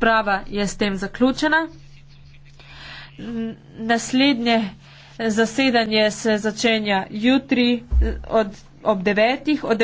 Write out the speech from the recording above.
razprava je s tem zaključena. Naslednje zasedanje se začenja jutri od, ob 9.